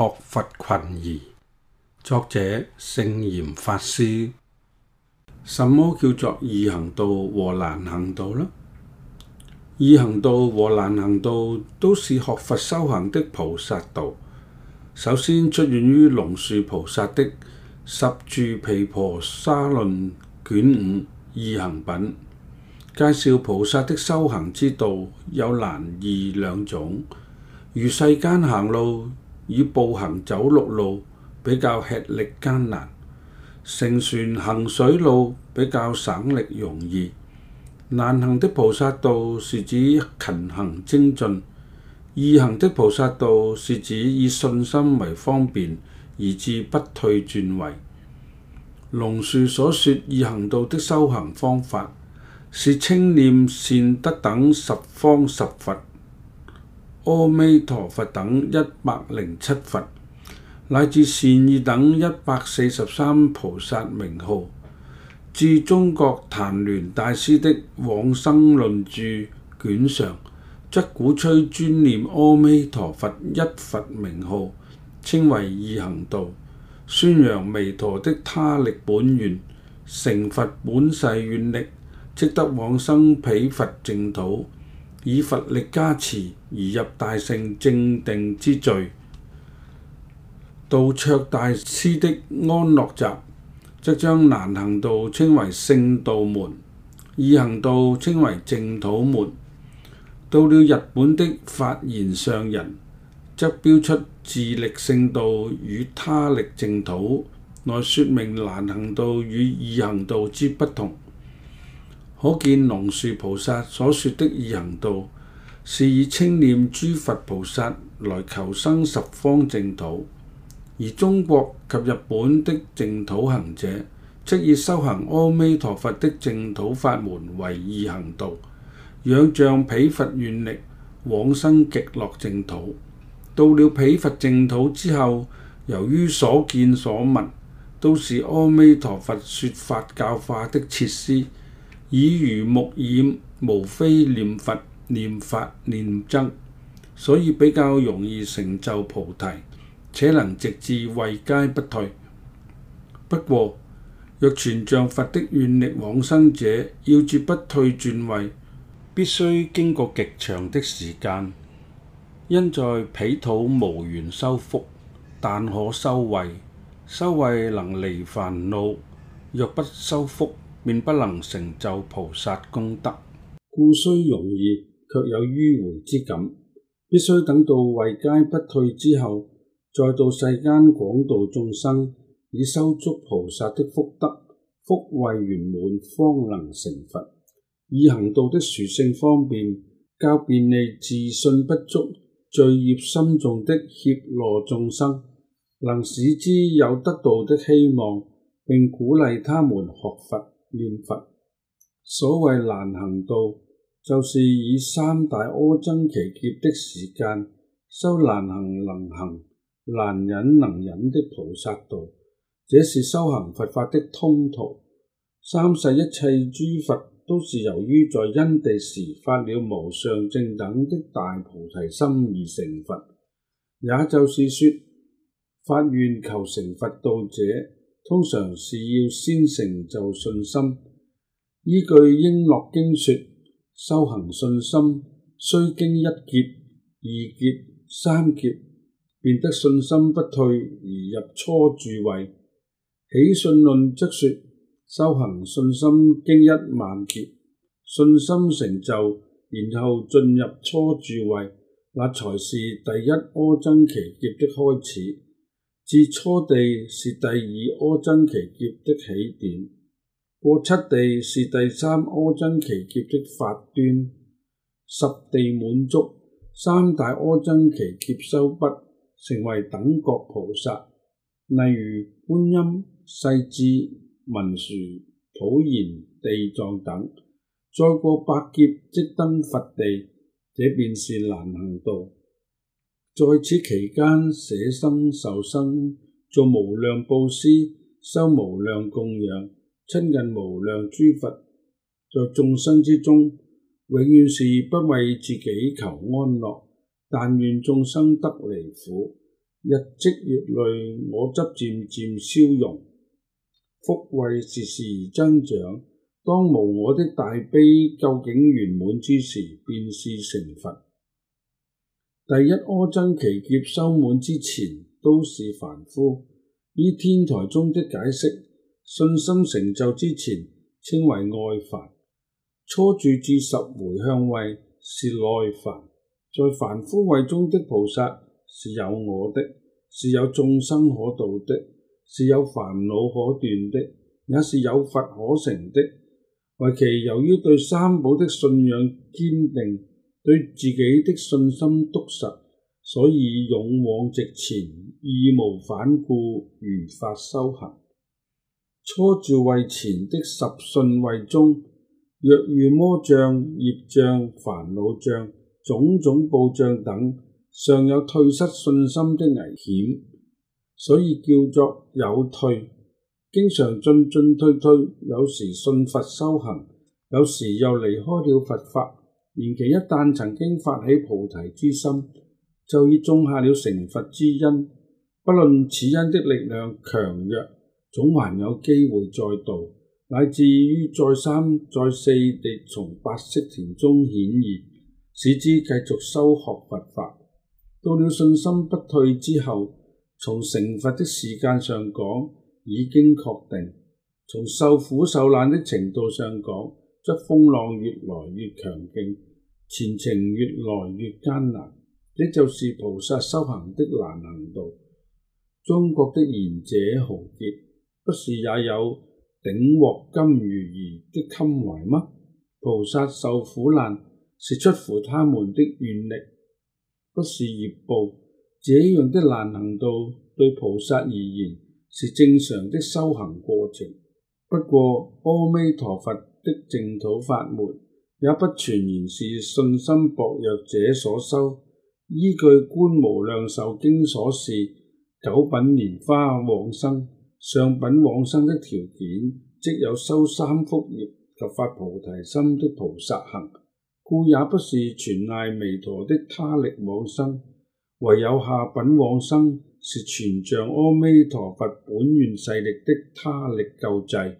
學佛群疑，作者聖嚴法師。什麼叫做易行道和難行道呢？易行道和難行道都是學佛修行的菩薩道。首先出現於龍樹菩薩的《十住毗婆沙論》卷五易行品，介紹菩薩的修行之道有難易兩種，如世間行路。以步行走陸路比較吃力艱難，乘船行水路比較省力容易。難行的菩薩道是指勤行精進，易行的菩薩道是指以信心為方便而至不退轉位。龍樹所說易行道的修行方法是清念善德等十方十佛。阿彌陀佛等一百零七佛，乃至善意等一百四十三菩薩名號，自中國壇聯大師的往生論注卷上，則鼓吹專念阿彌陀佛一佛名號，稱為易行道，宣揚彌陀的他力本願，成佛本誓願力，即得往生彼佛淨土。以佛力加持而入大乘正定之聚。道卓大師的《安樂集》則將難行道稱為聖道門，易行道稱為淨土門。到了日本的法然上人，則標出自力聖道與他力淨土來說明難行道與易行道之不同。可見，龍樹菩薩所說的易行道，是以稱念諸佛菩薩來求生十方淨土；而中國及日本的淨土行者，即以修行阿彌陀佛的淨土法門為易行道，仰仗彼佛願力往生極樂淨土。到了彼佛淨土之後，由於所見所聞都是阿彌陀佛説法教化的設施。耳濡目染，無非念佛、念法、念僧，所以比較容易成就菩提，且能直至位皆不退。不過，若全仗佛的願力往生者，要絕不退轉位，必須經過極長的時間，因在彼土無緣修福，但可修慧，修慧能離煩惱，若不修福，便不能成就菩薩功德，故雖容易，卻有迂回之感。必須等到位階不退之後，再到世間廣度眾生，以收足菩薩的福德，福慧圓滿，方能成佛。易行道的殊勝方便，較便利自信不足、罪孽深重的怯懦眾生，能使之有得道的希望，並鼓勵他們學佛。念佛，所謂難行道，就是以三大阿僧祇劫的時間，修難行能行、難忍能忍的菩薩道，這是修行佛法的通途。三世一切諸佛都是由於在因地時發了無上正等的大菩提心而成佛。也就是說，發願求成佛道者。通常是要先成就信心。依據《瓔珞經》說，修行信心需經一劫、二劫、三劫，變得信心不退而入初住位。《起信論》則說，修行信心經一萬劫，信心成就，然後進入初住位，那才是第一阿僧祇劫的開始。自初地是第二阿僧祇劫的起點，過七地是第三阿僧祇劫的發端，十地滿足，三大阿僧祇劫修畢，成為等覺菩薩，例如觀音、勢至、文殊、普賢、地藏等，再過百劫即登佛地，這便是難行道。在此期間，捨身受身，做無量佈施，修無量供養，親近無量諸佛，在眾生之中，永遠是不為自己求安樂，但願眾生得離苦。日積月累，我則漸漸消融，福慧時時增長。當無我的大悲究竟圓滿之時，便是成佛。第一阿僧祇劫收滿之前都是凡夫。依天台中的解釋，信心成就之前稱為外凡。初住至十回向位是內凡。在凡夫位中的菩薩是有我的，是有眾生可度的，是有煩惱可斷的，也是有法可成的。唯其由於對三寶的信仰堅定，對自己的信心篤實，所以勇往直前，義無反顧，如法修行。初住位前的十信位中，若遇魔障、業障、煩惱障、種種報障等，尚有退失信心的危險，所以叫作有退。經常進進退退，有時信佛修行，有時又離開了佛法。然其一旦曾經發起菩提之心，就已種下了成佛之因。不論此因的力量強弱，總還有機會再度，乃至於再三、再四地從八識田中顯現，使之繼續修學佛法。到了信心不退之後，從成佛的時間上講已經確定，從受苦受難的程度上講。則風浪越來越強勁，前程越來越艱難，這就是菩薩修行的難行道。中國的賢者豪傑不是也有鼎鑊甘如飴的襟懷嗎？菩薩受苦難是出乎他們的願力，不是業報。這樣的難行道對菩薩而言是正常的修行過程。不過阿彌陀佛的淨土法門也不全然是信心薄弱者所修，依據《觀無量壽經》所示，九品蓮花往生上品往生的條件，即有修三福業、及發菩提心的菩薩行，故也不是全賴彌陀的他力往生，唯有下品往生是全仗阿彌陀佛本願勢力的他力救濟。